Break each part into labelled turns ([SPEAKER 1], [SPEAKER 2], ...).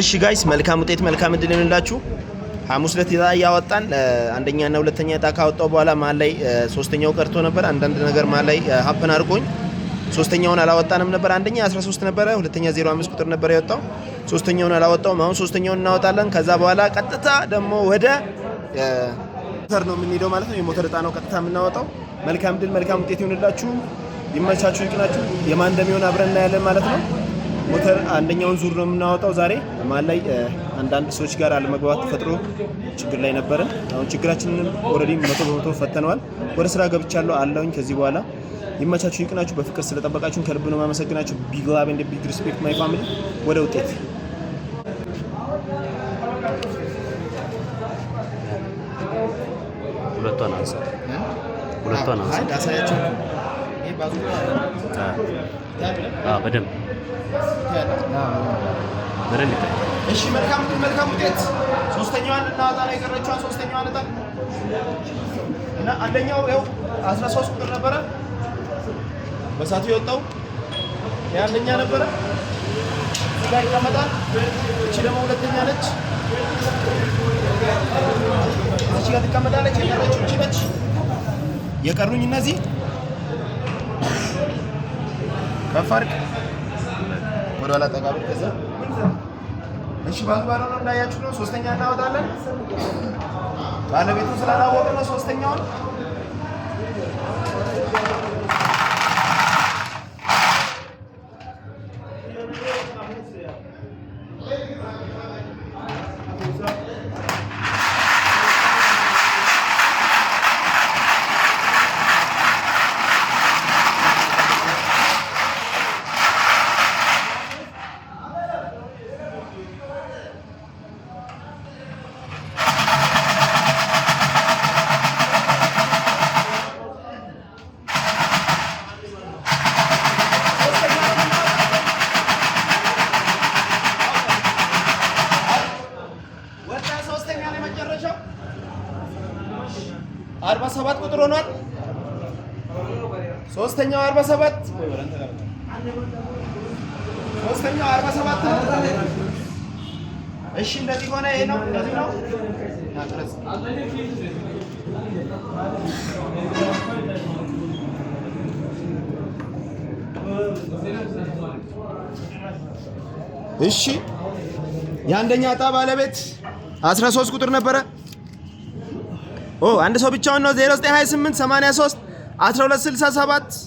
[SPEAKER 1] እሺ ጋይስ መልካም ውጤት መልካም እድል ይሁንላችሁ። ሐሙስ ዕለት ዕጣ እያወጣን አንደኛና ሁለተኛ ዕጣ ካወጣው በኋላ መሀል ላይ ሶስተኛው ቀርቶ ነበር። አንዳንድ ነገር መሀል ላይ ሀፕን አድርጎኝ ሶስተኛውን አላወጣንም ነበር። አንደኛ 13 ነበረ፣ ሁለተኛ 05 ቁጥር ነበር ያወጣው። ሶስተኛውን አላወጣውም። አሁን ሶስተኛውን እናወጣለን። ከዛ በኋላ ቀጥታ ደግሞ ወደ ሞተር ነው የምንሄደው ማለት ነው። የሞተር ዕጣ ነው ቀጥታ የምናወጣው። መልካም እድል መልካም ውጤት ይሁንላችሁ። ይመቻችሁ፣ ይቅናችሁ። የማን እንደሚሆን አብረን እናያለን ማለት ነው። ሞተር አንደኛውን ዙር ነው የምናወጣው ዛሬ ማን ላይ አንዳንድ ሰዎች ጋር አለመግባባት ተፈጥሮ ችግር ላይ ነበረ። አሁን ችግራችንን ኦልሬዲ መቶ በመቶ ፈተነዋል። ወደ ስራ ገብቻለሁ አለሁኝ። ከዚህ በኋላ ይመቻችሁ፣ ይቅናችሁ። በፍቅር ስለጠበቃችሁን ከልብ ነው የማመሰግናችሁ። ቢግ ላቭ ኤንድ ቢግ ሪስፔክት ማይ ፋሚሊ። ወደ ውጤት
[SPEAKER 2] ሁለቷን አንሳ ሁለቷን አንሳ በደንብ
[SPEAKER 1] እሺ መልካም መልካም ውጤት። ሶስተኛዋን ልናወጣ ነው የቀረችዋን ሶስተኛዋን እጣ እና አንደኛው ያው 13 ቁጥር ነበረ በሳቱ የወጣው የአንደኛ ነበረ እዛ ይቀመጣል። እቺ ደግሞ ሁለተኛ ነች፣ እቺ ጋር ትቀመጣለች። የቀረችው እቺ ነች። የቀሩኝ እነዚህ ከፍ አድርግ ወደ ኋላ ጠጋ ብለህ ከዛ እሺ ባግባሩ ነው እንዳያችሁ ነው። ሶስተኛ እናወጣለን ባለቤቱ ስላላወቅን ነው ሶስተኛውን ሶስተኛው 47 ሶስተኛው 47 ነው። እሺ እንደዚህ ሆነ። ይሄ ነው እንደዚህ ነው። እሺ የአንደኛ ዕጣ ባለቤት 13 ቁጥር ነበረ። ኦ አንድ ሰው ብቻውን ነው። 0928 83 1267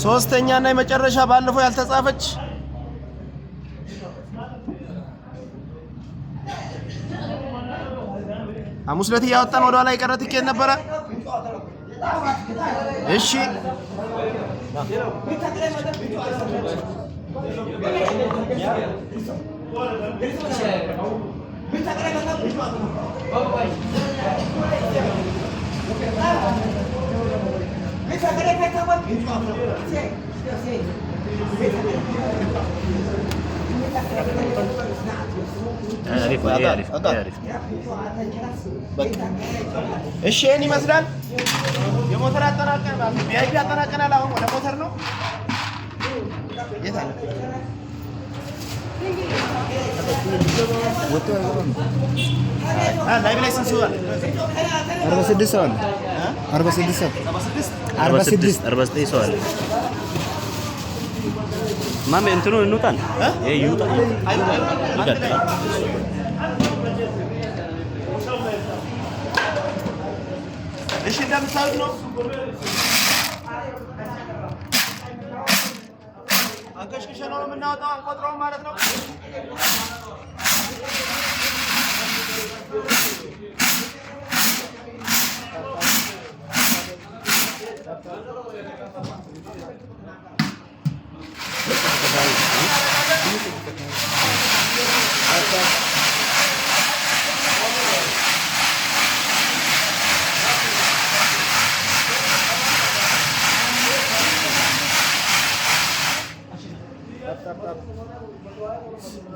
[SPEAKER 1] ሶስተኛ እና የመጨረሻ ባለፈው ያልተጻፈች ሐሙስ ዕለት እያወጣን ወደ ኋላ የቀረ ትኬት ነበረ። እሺ
[SPEAKER 2] እሺ ይህን ይመስላል። የሞተር አጠናቀናል። ቢያጅ አጠናቀናል። አሁን ወደ ሞተር ነው። ላይ ላይ ስንት ሰው አለ? አርባ ስድስት ሰው አለ። አርባ ስድስት ሰው 46 ሰው አለ። ማሜ እንትኑ እንውጣን ይሄ ይውጣ
[SPEAKER 1] እሺ እንደምታዩት ነው። አንቀሽቅሽ ነው የምናወጣው፣ አንቆጥረውም ማለት ነው።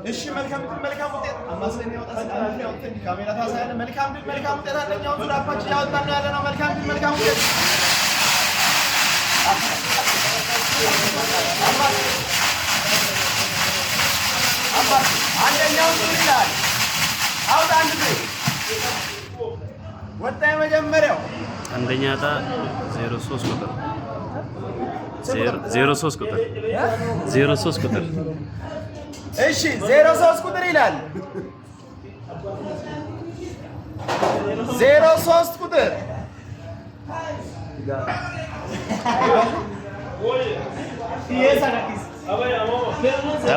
[SPEAKER 1] እሺ መልካም ድል መልካም ውጤት አማስተኛ ያወጣ ካሜራ ታሳያለህ። መልካም ድል መልካም ውጤት አንደኛው ዙር አፋችን ያወጣና ያለ ነው። መልካም ድል መልካም ውጤት ይላል። አውጣ ወጣ። የመጀመሪያው
[SPEAKER 2] አንደኛ ዕጣ ዜሮ ሦስት ቁጥር ዜሮ ሦስት ቁጥር ዜሮ ሦስት ቁጥር
[SPEAKER 1] እሺ፣ ዜሮ ሦስት ቁጥር ይላል። ዜሮ ሦስት ቁጥር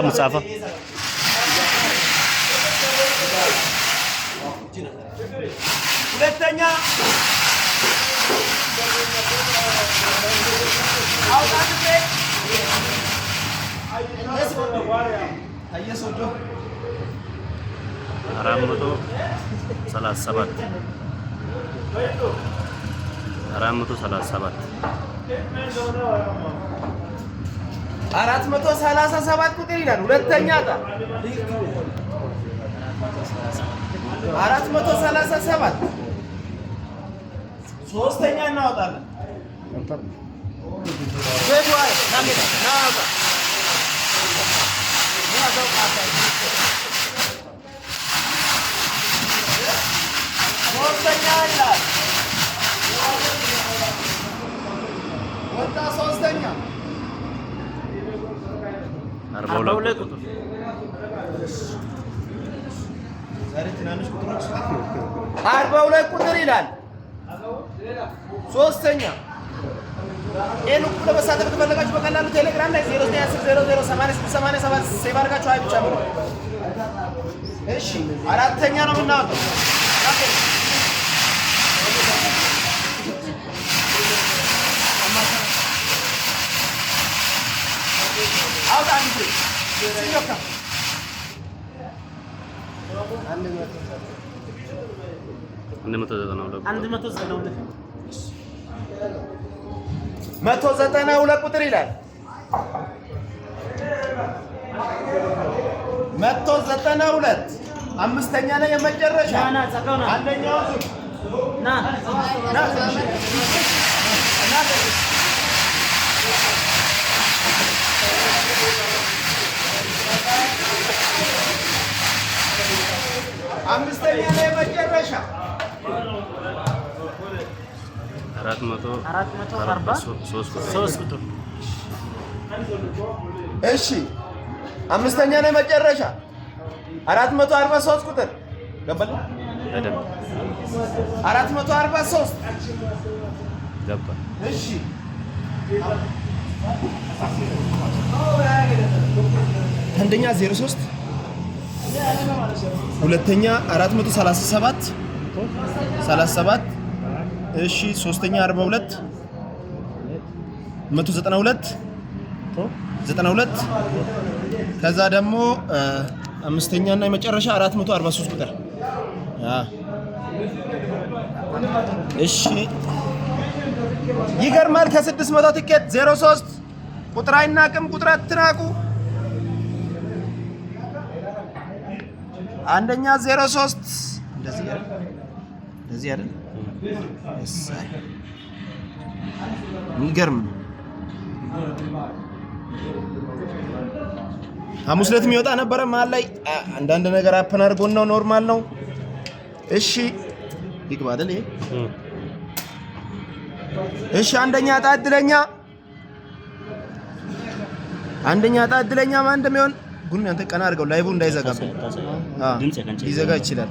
[SPEAKER 1] ሙጻፋ ሁለተኛ
[SPEAKER 2] አራት መቶ ሰላሳ ሰባት አራት መቶ ሰላሳ ሰባት
[SPEAKER 1] አራት መቶ ሰላሳ ሰባት ቁጥር ይላል። ሁለተኛ ዕጣ አራት መቶ ሰላሳ ሰባት ሶስተኛ እናወጣለን። አርባ ሁለት ቁጥር ይላል ሶስተኛ ይህን እኩል ለመሳተፍ ከፈለጋችሁ በቀላሉ ቴሌግራም ላይ 0910008687 ሴቭ አድርጋችሁ አይ ብቻ ብሎ እሺ፣ አራተኛ ነው የምናወጣው። አውጣ አንድ መቶ ዘጠና ሁለት ቁጥር ይላል። መቶ ዘጠና ሁለት አምስተኛ ላይ የመጨረሻ አንደኛው አምስተኛ ላይ የመጨረሻ አራት መቶ አርባ እሺ፣ አምስተኛ ነው የመጨረሻ አራት መቶ አርባ ሦስት ቁጥር ገባል። አራት መቶ አርባ ሦስት ገባል። እሺ አንደኛ ዜሮ ሁለተኛ አራት መቶ ሰላሳ ሰባት 37 እሺ ሶስተኛ 42 192 92 ከዛ ደግሞ አምስተኛ እና የመጨረሻ 443 ቁጥር እሺ ይገርማል። ከ600 ትኬት 03 ቁጥር አይናቅም። ቁጥር አትናቁ። አንደኛ 03 እንደዚህ እዚህ አይደል? እሳይ የሚገርም ነው። ሐሙስ ዕለት የሚወጣ ነበረ መሀል ላይ አንዳንድ ነገር አፕን አድርጎን ነው። ኖርማል ነው። እሺ ይግባ አይደል? ይሄ እሺ። አንደኛ ዕጣ ዕድለኛ አንደኛ ዕጣ ዕድለኛ ማን እንደሚሆን ጉን ያንተ ቀና አድርገው ላይቡ እንዳይዘጋብህ ሊዘጋ ይችላል።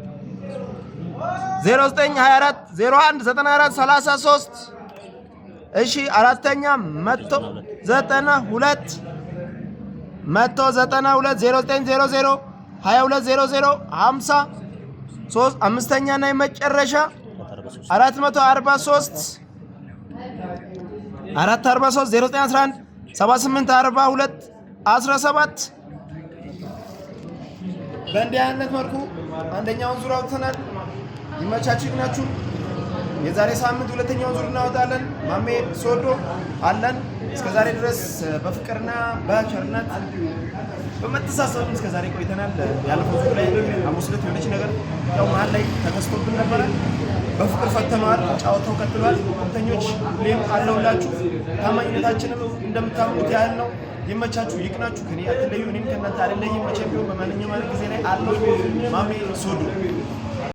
[SPEAKER 1] እሺ አራተኛ መቶ ዘጠና ሁለት መቶ ዘጠና ሁለት ዜሮ ዘጠኝ ዜሮ ዜሮ ሀያ ሁለት ዜሮ ዜሮ ሀምሳ ሶስት አምስተኛ የመጨረሻ አራት መቶ አርባ ሶስት አራት አርባ ሶስት ዜሮ ዘጠኝ አስራ አንድ ሰባ ስምንት አርባ ሁለት አስራ ሰባት በእንዲህ አይነት መልኩ አንደኛውን ዙር አውጥተናል። ይመቻችሁ፣ ይቅናችሁ። የዛሬ ሳምንት ሁለተኛውን ዙር እናወጣለን። ማሜ ሶዶ አለን። እስከዛሬ ድረስ በፍቅርና በቸርነት በመተሳሰብም እስከዛሬ ቆይተናል። ያለፈው ዙር ላይ ሐሙስ ዕለት የሆነች ነገር ያው መሀል ላይ ተከስቶብን ነበረ። በፍቅር ፈተነዋል። ጫወታው ቀጥሏል። ሁለተኞች ሌም አለውላችሁ። ታማኝነታችንም እንደምታምኑት ያህል ነው። ይመቻችሁ፣ ይቅናችሁ። ከኔ አትለዩ፣ እኔም ከእናንተ አልለይም። መቼም ቢሆን በማንኛውም ጊዜ ላይ አለው ማሜ ሶዶ